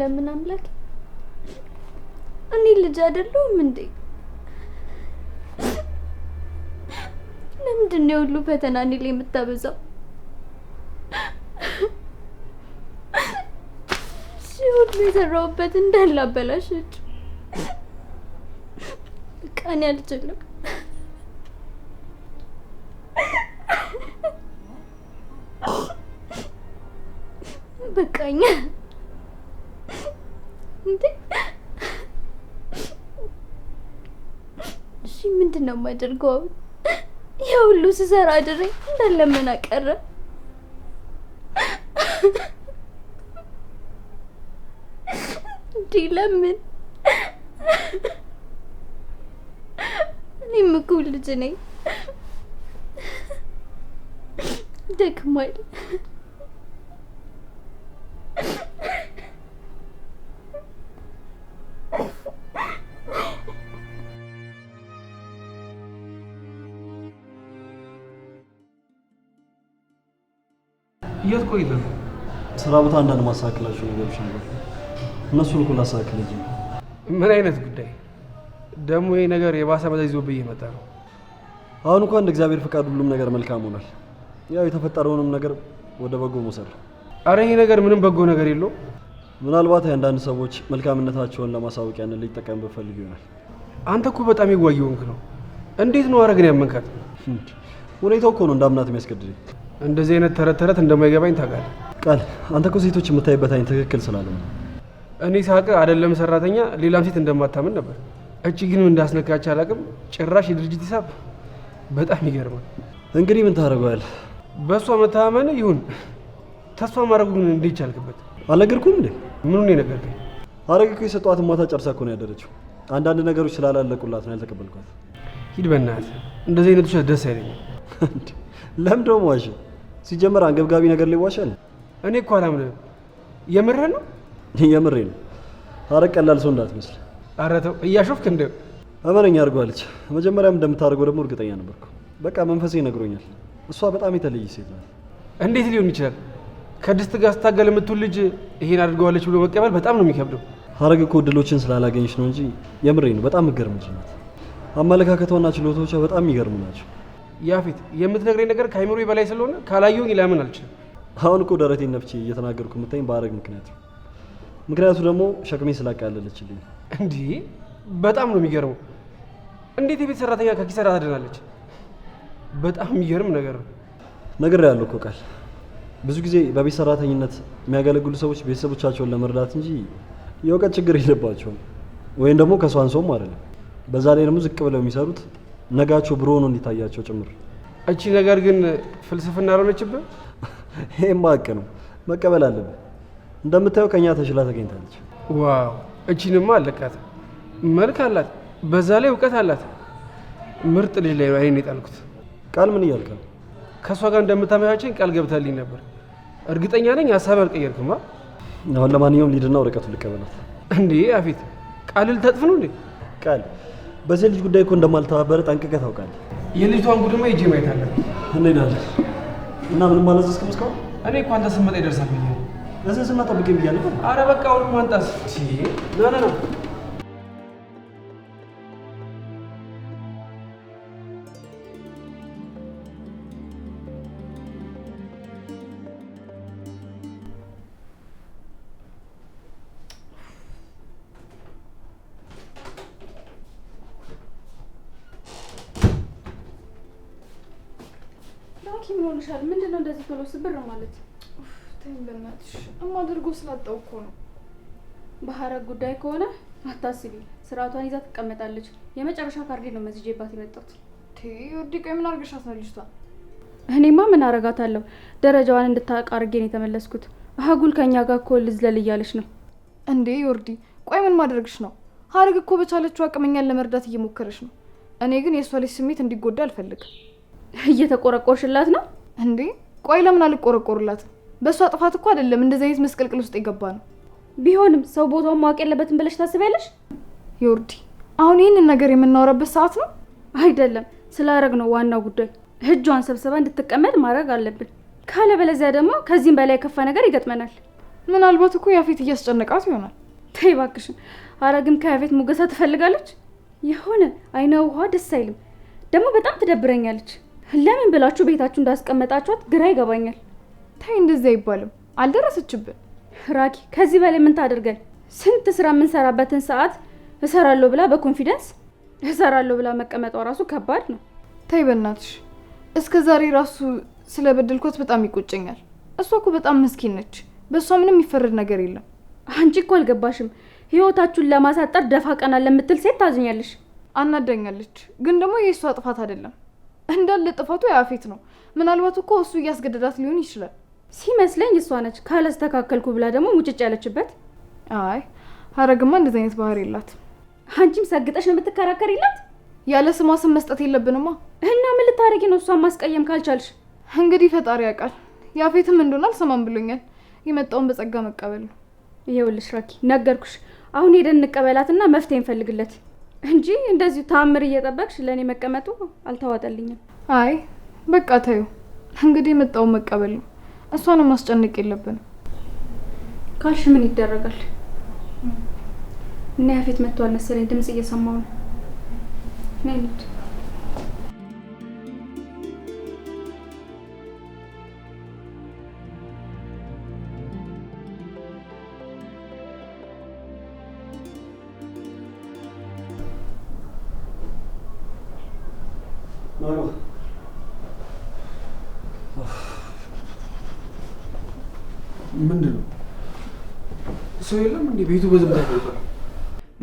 ለምን አምላክ እኔ ልጅ አይደለሁም እንዴ? ለምንድን ነው ሁሉ ፈተና እኔ ላይ የምታበዛው? ሁሉ የሰራሁበት እንዳለ አበላሸች። ቃኔ አልችልም። በቃኛ ነው የማደርገው። ይህ ሁሉ ስሰራ ድሬ እንዳለመና ቀረ። እንዲህ ለምን? እኔም እኮ ልጅ ነኝ። ደክሟል። የት ቆይተህ ነው? ስራ ቦታ አንዳንድ ማሳክላቸው ነገሮች ነበር። እነሱ ልኩ ላሳክል ምን አይነት ጉዳይ ደግሞ ይህ ነገር የባሰ ይዞ ይዞብህ እየመጣ ነው። አሁን እንኳን እንደ እግዚአብሔር ፈቃድ ሁሉም ነገር መልካም ሆናል። ያው የተፈጠረውንም ነገር ወደ በጎ መውሰድ። አረ ይሄ ነገር ምንም በጎ ነገር የለው። ምናልባት የአንዳንድ ሰዎች መልካምነታቸውን ለማሳወቂያነት ሊጠቀም ብፈልግ ይሆናል። አንተ እኮ በጣም የዋየውንክ ነው። እንዴት ነው አረግን ያመንካት? ሁኔታው እኮ ነው እንዳምናት የሚያስገድደኝ እንደዚህ አይነት ተረት ተረት እንደማይገባኝ ታውቃለህ። ቃል አንተ እኮ ሴቶች የምታይበት አይነት ትክክል ስላለ እኔ ሳቅ አይደለም ሰራተኛ ሌላም ሴት እንደማታምን ነበር። እቺ ግን እንዳስነካች አላቅም። ጭራሽ የድርጅት ሂሳብ በጣም ይገርማል። እንግዲህ ምን ታደርገዋለህ? በእሷ መታመን ይሁን ተስፋ ማድረጉ ግን እንዴት ቻልክበት? አልነገርኩም እንዴ? ምኑን የነገርከኝ? አረግ እኮ የሰጧት ማታ ጨርሳ እኮ ነው ያደረችው። አንዳንድ ነገሮች ስላላለቁላት ነው ያልተቀበልኳት። ሂድ በእናትህ። እንደዚህ አይነቶች ደስ አይለኝም። ለምን ዋሽ ሲጀመር አንገብጋቢ ነገር ሊዋሻል። እኔ እኮ አላምንም። የምርህ ነው? የምሬ ነው። ሀረግ ቀላል ሰው እንዳትመስል። መስል ተው እያሾፍክ እንደ እመነኝ አድርጓለች። መጀመሪያም እንደምታደርገው ደግሞ እርግጠኛ ነበርኩ። በቃ መንፈሴ ይነግሮኛል። እሷ በጣም የተለየ ሴት ናት። እንዴት ሊሆን ይችላል? ከድስት ጋር ስታገል የምትውል ልጅ ይሄን አድርገዋለች ብሎ መቀበል በጣም ነው የሚከብደው። ሀረግ እኮ እድሎችን ስላላገኘች ነው እንጂ የምሬ ነው። በጣም የምትገርም ልጅ ናት። አመለካከቷና በጣም የሚገርሙ ናቸው። ያፌት የምትነግረኝ ነገር ከአይምሮ በላይ ስለሆነ ካላየሁኝ ላምን አልችልም። አሁን እኮ ደረቴን ነፍቼ እየተናገርኩ የምታኝ በአረግ ምክንያት ነው። ምክንያቱ ደግሞ ሸክሜ ስላቃለለችልኝ። እንዲህ በጣም ነው የሚገርመው። እንዴት የቤት ሰራተኛ ከኪሰራ ታድናለች? በጣም የሚገርም ነገር ነው። ነገር ያለው እኮ ቃል ብዙ ጊዜ በቤት ሰራተኝነት የሚያገለግሉ ሰዎች ቤተሰቦቻቸውን ለመርዳት እንጂ የእውቀት ችግር የለባቸውም፣ ወይም ደግሞ ከሷን ሰውም አይደለም። በዛ ላይ ደግሞ ዝቅ ብለው የሚሰሩት ነጋቸው ብሮ ነው እንዲታያቸው ጭምር። እቺ ነገር ግን ፍልስፍና አልሆነችብህ። ይሄ ሀቅ ነው፣ መቀበል አለብህ። እንደምታየው ከእኛ ተሽላ ተገኝታለች። ዋው! እቺንማ አለቃት። መልክ አላት፣ በዛ ላይ እውቀት አላት። ምርጥ ልጅ ላይ አይኔን የጣልኩት። ቃል ምን እያልካል? ከእሷ ጋር እንደምታመቻቸኝ ቃል ገብታልኝ ነበር። እርግጠኛ ነኝ ሀሳብ አልቀየርክማ። አሁን ለማንኛውም ሊድና ወረቀቱ ልቀበላት። እንዴ አፊት ቃልል ተጥፍ ነው እንዴ? ቃል በዚህ ልጅ ጉዳይ እኮ እንደማልተባበረ ጠንቅቀህ ታውቃለህ። የልጅቷን ጉድማ ሂጄ ማየት አለብኝ። እንሄዳለን እና ምንም ማለት እስከ እስካሁን እኔ እኮ አንተ ስትመጣ ይደርሳል ብዬ እዚህ ስና ጠብቀኝ ብያለሁ። አረ በቃ አሁን ማንጣስ ና ና ና ምንድነው እንደዚህ ቶሎ ስብር ማለት? ተይኝ በእናትሽ እማደርጎ ስላጣው እኮ ነው። በሀረግ ጉዳይ ከሆነ አታስቢ፣ ስርዓቷን ይዛ ትቀመጣለች። የመጨረሻ ካርዴ ነው መዝጄባት የመጣሁት። ወዲቀ ምን አርገሻት ነው ልጅቷ? እኔማ ምን አረጋታለሁ? ደረጃዋን እንድታውቅ አድርጌ ነው የተመለስኩት። አህጉል ከእኛ ጋር እኮ ልዝለል እያለች ነው እንዴ? ዮርዲ ቆይ ምን ማድረግሽ ነው? ሀረግ እኮ በቻለችው አቅመኛን ለመርዳት እየሞከረች ነው። እኔ ግን የእሷ ልጅ ስሜት እንዲጎዳ አልፈልግም። እየተቆረቆርሽላት ነው እንዴ? ቆይ ለምን ቆረቆርላት በእሷ ጥፋት እኮ አይደለም እንደዚህ አይነት መስቀልቅል ውስጥ የገባ ነው። ቢሆንም ሰው ቦታውን ማወቅ የለበትም ብለሽ ታስቢያለሽ? ዮርዲ አሁን ይህንን ነገር የምናወራበት ሰዓት ነው አይደለም። ስላረግ ነው ዋናው ጉዳይ። እጇን ሰብስባ እንድትቀመጥ ማድረግ አለብን። ካለበለዚያ ደግሞ ከዚህም በላይ የከፋ ነገር ይገጥመናል። ምናልባት እኮ ያፌት እያስጨነቃት ይሆናል። ተይ እባክሽን። አረግም ከያፌት ሙገሳ ትፈልጋለች። የሆነ አይነ ውሃ ደስ አይልም። ደግሞ በጣም ትደብረኛለች። ለምን ብላችሁ ቤታችሁ እንዳስቀመጣችኋት ግራ ይገባኛል። ታይ እንደዚህ አይባልም። አልደረሰችብን ራኪ፣ ከዚህ በላይ ምን ታደርገን? ስንት ስራ የምንሰራበትን ሰዓት እሰራለሁ ብላ በኮንፊደንስ እሰራለሁ ብላ መቀመጧ ራሱ ከባድ ነው። ታይ በእናትሽ፣ እስከ ዛሬ ራሱ ስለ በደልኳት በጣም ይቆጨኛል። እሷ እኮ በጣም ምስኪን ነች። በእሷ ምንም የሚፈረድ ነገር የለም። አንቺ እኮ አልገባሽም። ህይወታችሁን ለማሳጠር ደፋ ቀና ለምትል ሴት ታዝኛለሽ። አናዳኛለች፣ ግን ደግሞ የእሷ ጥፋት አይደለም እንዳለ ጥፋቱ የአፌት ነው። ምናልባት እኮ እሱ እያስገደዳት ሊሆን ይችላል። ሲመስለኝ እሷ ነች ካላስተካከልኩ ብላ ደግሞ ሙጭጭ ያለችበት። አይ ሀረግማ እንደዚህ አይነት ባህሪ የላትም። አንቺም ሰግጠሽ ነው የምትከራከሪላት? ያለ ስሟ ስም መስጠት የለብንማ። እና ምን ልታረጊ ነው? እሷን ማስቀየም ካልቻልሽ እንግዲህ ፈጣሪ ያውቃል። ያፌትም እንደሆነ አልሰማም ብሎኛል። የመጣውን በጸጋ መቀበል ነው። ይኸውልሽ ራኪ፣ ነገርኩሽ። አሁን ሄደን እንቀበላትና መፍትሄ እንፈልግለት። እንጂ እንደዚሁ ታምር እየጠበቅሽ ለእኔ መቀመጡ አልተዋጠልኝም። አይ በቃ ተዩ እንግዲህ የመጣውን መቀበል ነው። እሷንም ማስጨነቅ የለብንም ካልሽ ምን ይደረጋል? እና ያፌት መጥቷል መሰለኝ ድምፅ እየሰማው ነው። ቤቱ በዝምታ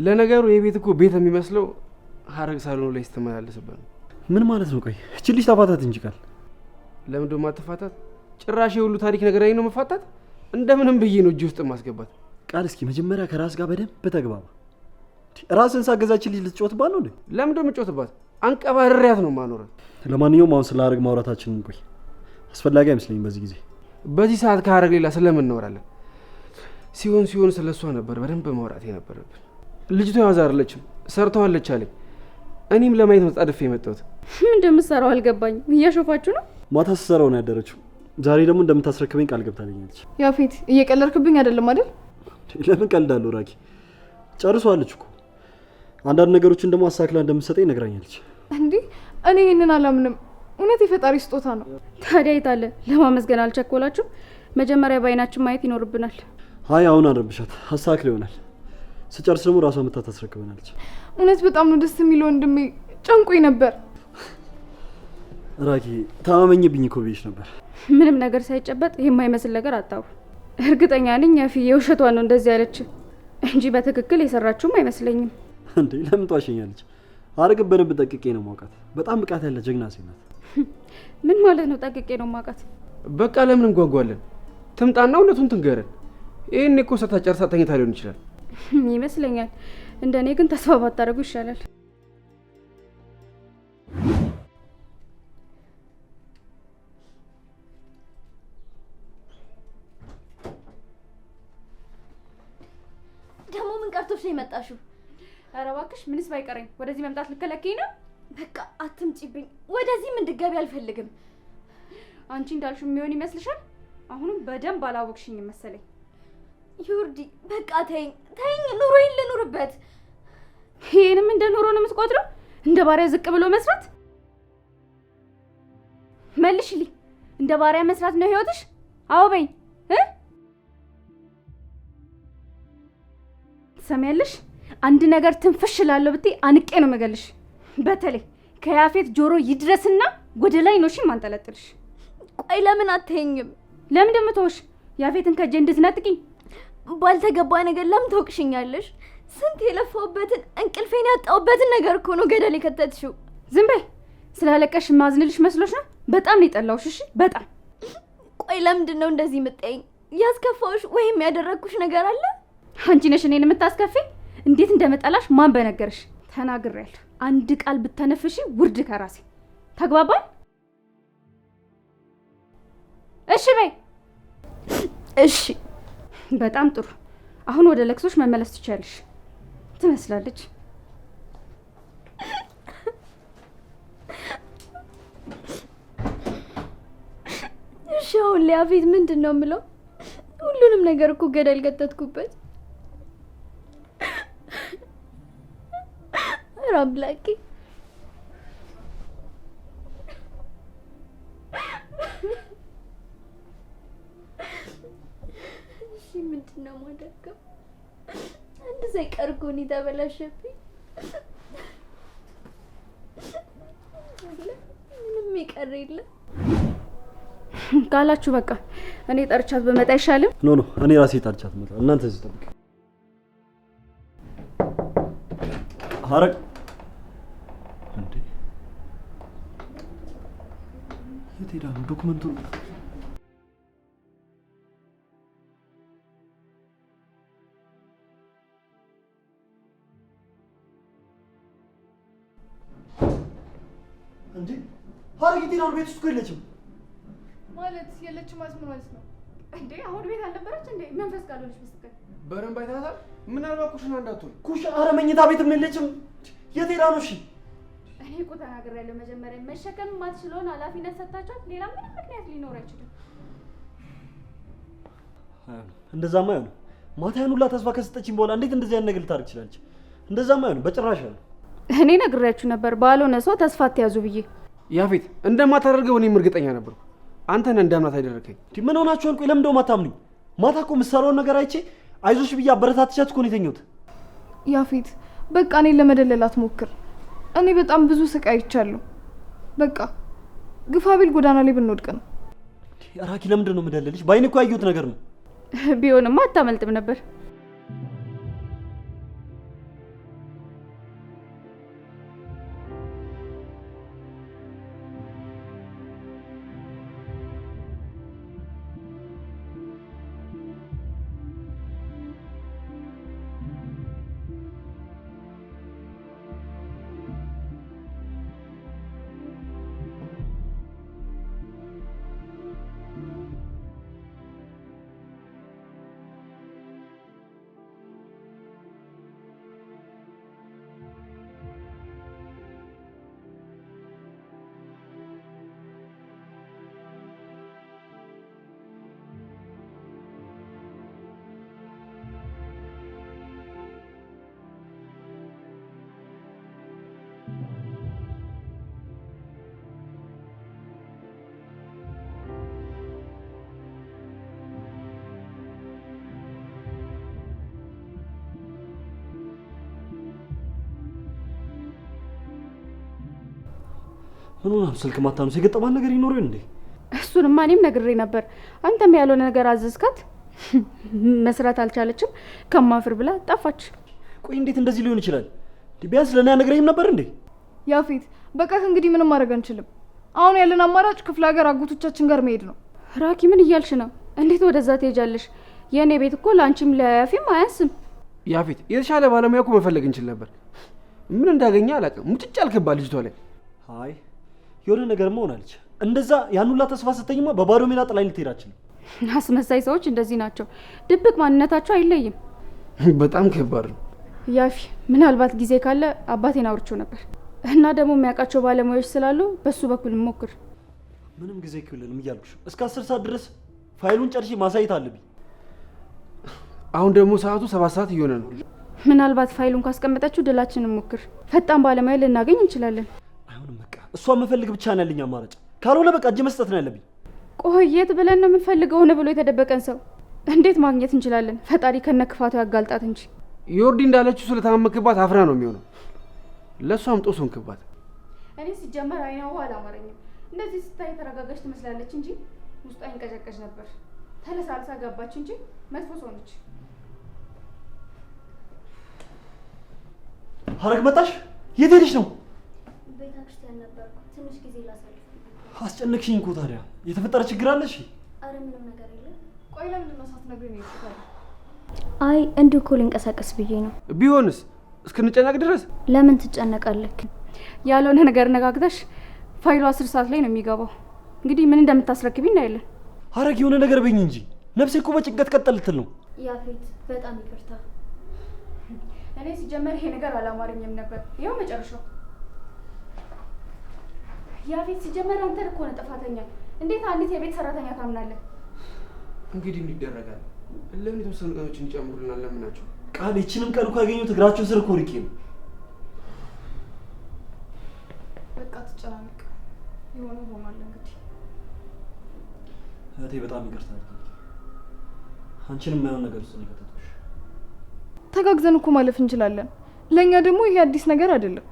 ለነገሩ የቤት እኮ ቤት የሚመስለው ሀረግ ሳሎኑ ላይ ስትመላለስበት ነው። ምን ማለት ነው? ቆይ እቺ ልጅ ተፋታት እንጂ ቃል ለምን ማትፋታት ጭራሽ የሁሉ ታሪክ ነገር ነው መፋታት። እንደምንም ብዬ ነው እጅ ውስጥ ማስገባት። ቃል እስኪ መጀመሪያ ከራስ ጋር በደንብ ተግባባ። ራስን ሳገዛች ልጅ ልትጮትባት ነው እንዴ? ለምን ጮትባት? አንቀባርሪያት ነው ማኖራት። ለማንኛውም አሁን ስለ ሀረግ ማውራታችንን ቆይ አስፈላጊ አይመስለኝም በዚህ ጊዜ በዚህ ሰዓት ከሀረግ ሌላ ስለምን እንወራለን? ሲሆን ሲሆን ስለ እሷ ነበር በደንብ ማውራት የነበረብን። ልጅቷ ያዛ አይደለችም፣ ሰርተዋለች አለኝ። እኔም ለማየት መጣድፌ የመጣሁት እንደምትሰራው አልገባኝም። እያሾፋችሁ ነው? ማታ ስትሰራው ነው ያደረችው። ዛሬ ደግሞ እንደምታስረክበኝ ቃል ገብታለኛለች። ያፌት፣ እየቀለድክብኝ አይደለም አይደል? ለምን ቀልዳለሁ? ራኪ ጨርሷለች እኮ አንዳንድ ነገሮችን ደግሞ አሳክላ እንደምትሰጠኝ ነግራኛለች። እንዲህ እኔ ይህንን አላምንም። እውነት የፈጣሪ ስጦታ ነው። ታዲያ የታለ ለማመስገን አልቸኮላችሁ? መጀመሪያ በአይናችን ማየት ይኖርብናል። አይ አሁን አረብሻት አሳክል ይሆናል። ስጨርስ ደግሞ ራሷ መታ ታስረክበናለች። እውነት በጣም ነው ደስ የሚለው ወንድሜ፣ ጨንቆኝ ነበር። ራኪ ታማመኝብኝ እኮ ብዬሽ ነበር። ምንም ነገር ሳይጨበጥ የማይመስል ነገር አጣሁ። እርግጠኛ ነኝ ያፊ የውሸቷ ነው እንደዚህ ያለች እንጂ በትክክል የሰራችውም አይመስለኝም። እንዴ ለምን ጧሸኛለች? አርግ በደንብ ጠቅቄ ነው ማውቃት። በጣም ብቃት ያለ ጀግና ሴት ናት። ምን ማለት ነው ጠቅቄ ነው ማውቃት? በቃ ለምን እንጓጓለን? ትምጣና እውነቱን ትንገረን። ይህን እኮ ሰርታ ጨርሳ ተኝታ ሊሆን ይችላል ይመስለኛል። እንደ እኔ ግን ተስፋ ባታደርጉ ይሻላል። ደግሞ ምን ቀርቶሽ ነው የመጣሽው? ኧረ እባክሽ ምንስ ባይቀረኝ ወደዚህ መምጣት ልከለኪኝ ነው? በቃ አትምጪብኝ፣ ወደዚህም እንድገቢ አልፈልግም። አንቺ እንዳልሽው የሚሆን ይመስልሻል? አሁንም በደንብ አላወቅሽኝ መሰለኝ። ዩርዲ በቃ ተይኝ ተይኝ፣ ኑሮዬን ልኑርበት። ይሄንም እንደ ኑሮ ነው የምትቆጥረው? እንደ ባሪያ ዝቅ ብሎ መስራት? መልሽልኝ። እንደ ባሪያ መስራት ነው ህይወትሽ? አዎ በይኝ ትሰሚያለሽ? አንድ ነገር ትንፍሽ እላለሁ ብትይ አንቄ ነው መገልሽ። በተለይ ከያፌት ጆሮ ይድረስና ወደ ላይ ነው እሺ ማንጠለጥልሽ። ቆይ ለምን አትይኝም? ለምን ደምተውሽ ያፌትን ከእጄ እንድትነጥቂኝ ባልተገባ ነገር ለምን ተወቅሽኛለሽ? ስንት የለፋውበትን እንቅልፌን ያጣውበትን ነገር እኮ ነው ገደል የከተትሽው። ዝም በይ። ስላለቀሽ ማዝንልሽ መስሎሽ ነው? በጣም ነው እሺ በጣም ቆይ፣ ለምንድን ነው እንደዚህ የምትጠይኝ? ያስከፋውሽ ወይም ያደረግኩሽ ነገር አለ? አንቺ ነሽ እኔን የምታስከፊ። እንዴት እንደመጠላሽ ማን በነገርሽ? ተናግሬያለሁ። አንድ ቃል ብተነፍሽ ውርድ ከራሴ ተግባባል። እሺ በይ እሺ በጣም ጥሩ። አሁን ወደ ለቅሶች መመለስ ትቻለሽ ትመስላለች። እሺ፣ አሁን ምንድነው አቤት፣ ምንድን ነው የምለው? ሁሉንም ነገር እኮ ገደል ገጠትኩበት። ኧረ ምንድን ነው የማደርገው? አንድ ሳይቀርጎን የተበላሸብኝ ምንም ይቀር የለም ካላችሁ በቃ እኔ ጠርቻት በመጣ አይሻልም? ኖ ኖ እኔ ራሴ ጠርቻት መጣ። እናንተ እዚህ ጠብቅ። ሀረግ እንዴ የት ሄዳ ነው ዶክመንቱ? እንዴ ሀረግ ቤት ውስጥ እኮ የለችም። ማለት የለችም ማለት ምን ማለት ነው? እንዴ አሁን ቤት አልነበረች እንዴ? መንፈስ ጋር ምናልባት ኩሽና እንዳትሆን አረ መኝታ ቤትም የለችም። ነው። እሺ እኔ እኮ ተናግሬያለሁ። መጀመሪያ መሸከም ማትችለውን ኃላፊነት ሰጥታችኋት ሌላ ምንም ምክንያት ሊኖር አይችልም። እንደዛማ ማታ ያን ሁላ ተስፋ ከሰጠችኝ በኋላ እንዴት እንደዚህ አይነት ነገር ልታደርግ ትችላለች? እንደዛማ አይሆንም በጭራሽ አይሆንም። እኔ ነግሬያችሁ ነበር ባልሆነ ሰው ተስፋ አትያዙ ብዬ። ያፌት እንደማታደርገው እኔም እርግጠኛ አንተ አንተን እንዳምናት አይደረከኝ። ምን ሆናችሁ አልኩ። ለምንደው ማታምኑኝ? ማታ እኮ የምትሰራውን ነገር አይቼ አይዞሽ ብዬ አበረታትቻት እኮ ነው የተኛሁት። ያፌት በቃ እኔን ለመደለላት ሞክር። እኔ በጣም ብዙ ስቃይ አይቻለሁ። በቃ ግፋቢል ጎዳና ላይ ብንወድቅ ነው። ራኪ ለምንድን ነው የምደለልሽ? በአይን እኮ ያየሁት ነገር ነው። ቢሆንማ አታመልጥም ነበር። ምኑናም ስልክ ማታ ነው የገጠማት ነገር ይኖር እንዴ? እሱንማ እኔም ነግሬ ነበር። አንተም ያልሆነ ነገር አዘዝካት፣ መስራት አልቻለችም። ከማፍር ብላ ጠፋች። ቆይ እንዴት እንደዚህ ሊሆን ይችላል? ቢያንስ ለእኔ ነግረኝም ነበር እንዴ? ያፌት፣ በቃ እንግዲህ ምንም ማድረግ አንችልም። አሁን ያለን አማራጭ ክፍለ ሀገር አጎቶቻችን ጋር መሄድ ነው። ራኪ፣ ምን እያልሽ ነው? እንዴት ወደዛ ትሄጃለሽ? የእኔ ቤት እኮ ለአንቺም ለያፌም አያንስም። ያፌት፣ የተሻለ ባለሙያ እኮ መፈለግ እንችል ነበር። ምን እንዳገኘ አላውቅም። ሙጭጭ አልክባ ልጅቷ ላይ አይ የሆነ ነገር መሆን አለች። እንደዛ ያን ሁላ ተስፋ ስተኝማ በባዶ ሜዳ ጥላኝ ልትሄድ አስመሳይ ሰዎች እንደዚህ ናቸው። ድብቅ ማንነታቸው አይለይም። በጣም ከባድ ነው። ያፊ ምናልባት ጊዜ ካለ አባቴን አውርቼው ነበር እና ደግሞ የሚያውቃቸው ባለሙያዎች ስላሉ በሱ በኩል ሞክር። ምንም ጊዜ ክልልም እያልኩሽ እስከ አስር ሰዓት ድረስ ፋይሉን ጨርሼ ማሳየት አለብኝ። አሁን ደግሞ ሰዓቱ ሰባት ሰዓት እየሆነ ነው። ምናልባት ፋይሉን ካስቀመጠችው ድላችንን ሞክር። ፈጣን ባለሙያ ልናገኝ እንችላለን። እሷ መፈልግ ብቻ ነው ያለኝ አማራጭ። ካልሆነ በቃ እጅ መስጠት ነው ያለብኝ። ቆየት ብለን ነው የምንፈልገው? ነው ብሎ የተደበቀን ሰው እንዴት ማግኘት እንችላለን? ፈጣሪ ከነ ክፋቱ ያጋልጣት እንጂ ዮርዲ እንዳለችው ስለታመመክባት አፍራ ነው የሚሆነው። ለእሷም ጦሱን ክባት። እኔ ሲጀመር አይነ ውሃ አላማረኝም። እንደዚህ ስታይ ተረጋጋች ትመስላለች እንጂ ውስጧ ይንቀጨቀጭ ነበር። ተለሳልሳ ገባች እንጂ መጥፎ ሰው ነች። ሀረግ መጣሽ? የት ሄደሽ ነው? ቤተክርስቲያን ነበርኩ። ትንሽ ጊዜ ላሳልፍ። አስጨነቅሽኝ እኮ ታዲያ የተፈጠረ ችግር አለ? እሺ። ኧረ ምንም ነገር የለም። ቆይ ለምንድን ነው ሳትነግሪኝ ነው የሄድኩት? አይ እንዲሁ እኮ ልንቀሳቀስ ብዬ ነው። ቢሆንስ እስክንጨነቅ ድረስ ለምን ትጨነቃለክ? ያልሆነ ነገር ነጋግተሽ ፋይሉ አስር ሰዓት ላይ ነው የሚገባው። እንግዲህ ምን እንደምታስረክቢ እናያለን። አረግ የሆነ ነገር በኝ እንጂ ነፍሴ እኮ በጭንቀት ቀጠልትል ነው። ያፌት በጣም ይቅርታ። እኔ ሲጀመር ይሄ ነገር አላማረኝም ነበር። ይኸው መጨረሻው ያፌት ሲጀመር አንተ እኮ ነው ጥፋተኛ። እንዴት አንዲት የቤት ሰራተኛ ታምናለህ? እንግዲህ ምን ይደረጋል። ለምን የተወሰኑ ቀኖች እንጨምሩልናል? ለምናቸው ቃል ይችንም ቀን እኮ ያገኙት እግራቸው ስር እኮ ርቄ ነው። በቃ ትጨናነቅ የሆነ ሆኗል። እንግዲህ እህቴ በጣም ይቅርታ። አንቺንም የማይሆን ነገር ውስጥ ነው የከተትኩሽ። ተጋግዘን እኮ ማለፍ እንችላለን። ለእኛ ደግሞ ይሄ አዲስ ነገር አይደለም።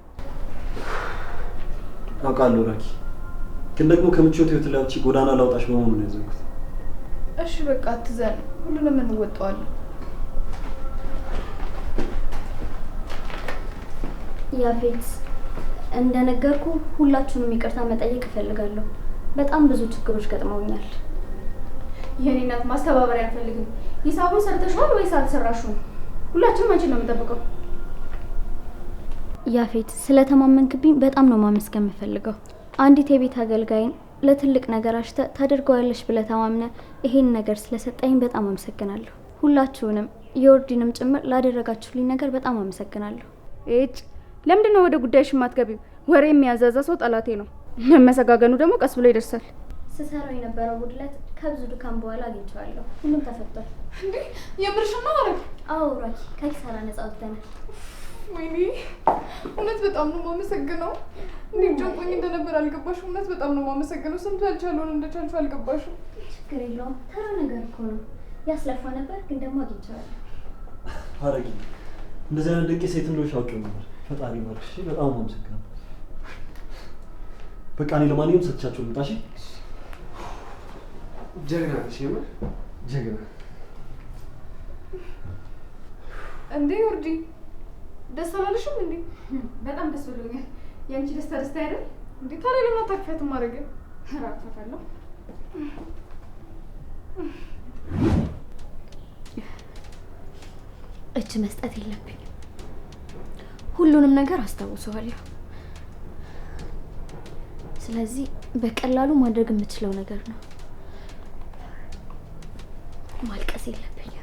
አውቃለሁ ራኪ፣ ግን ደግሞ ከምቾት ህይወት ላይ አንቺ ጎዳና ላውጣሽ መሆኑ ነው ያዘንኩት። እሺ በቃ አትዘን፣ ሁሉንም እንወጣዋለን። ያፌት፣ እንደነገርኩ ሁላችሁንም ይቅርታ መጠየቅ እፈልጋለሁ። በጣም ብዙ ችግሮች ገጥመውኛል። የኔ እናት ማስተባበሪያ አልፈልግም። ሂሳቡን ሰርተሽዋል ወይስ አልሰራሽውም? ሁላችንም አንቺን ነው የምንጠብቀው። ያፌት ስለተማመንክብኝ በጣም ነው ማመስገን የምፈልገው። አንዲት የቤት አገልጋይን ለትልቅ ነገር አሽተ ታደርገዋለሽ ብለህ ተማምነ ይሄን ነገር ስለሰጠኝ በጣም አመሰግናለሁ። ሁላችሁንም የወርዲንም ጭምር ላደረጋችሁልኝ ነገር በጣም አመሰግናለሁ። እጭ ለምንድን ነው ወደ ጉዳይሽ የማትገቢው? ወሬ የሚያዛዛ ሰው ጠላቴ ነው። መመሰጋገኑ ደግሞ ቀስ ብሎ ይደርሳል። ስሰራው የነበረው ጉድለት ከብዙ ድካም በኋላ አግኝቸዋለሁ ሁሉም ተፈቷል። እንዴ የብርሽማ ወረድ? አዎ ራኪ ከኪሳራ ነጻ ወጥተናል። ወይኔ እውነት በጣም ነው የማመሰግነው። እንዴት ጨንቆኝ እንደነበር አልገባሽም። እውነት በጣም ነው የማመሰግነው። ስንቱ ያልቻለውን እንደቻልሽው አልገባሽም። ችግር የለውም ተራ ነገር እኮ ነው። ያስለፋ ነበር ግን ደግሞ አግኝቻለሁ። አረጊ እንደዚህ አይነት ደቂ ሴት እንደሆንሽ አውቄው ነበር። ፈጣሪ ይባርክሽ። በጣም ነው የማመሰግነው። በቃ እኔ ለማንኛውም ሰጥቻቸው ልምጣ። እሺ ጀግና ነሽ፣ የምር ጀግና እንዴ ውርዲ ደስ አላለሽም እንዴ? በጣም ደስ ብሎኛል። የአንቺ ደስታ ደስታ አይደል እንዴ? ታዲያ ለምን አታቅፊያትም? ማድረግ ራቅፋታለሁ። እጅ መስጠት የለብኝ። ሁሉንም ነገር አስታውሰዋለሁ። ስለዚህ በቀላሉ ማድረግ የምችለው ነገር ነው። ማልቀስ የለብኝም።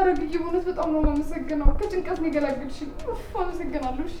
አረግዬ፣ በእውነት በጣም ነው የማመሰግነው። ከጭንቀት ነው የገላገልሽኝ። አመሰግናለሁ። እሺ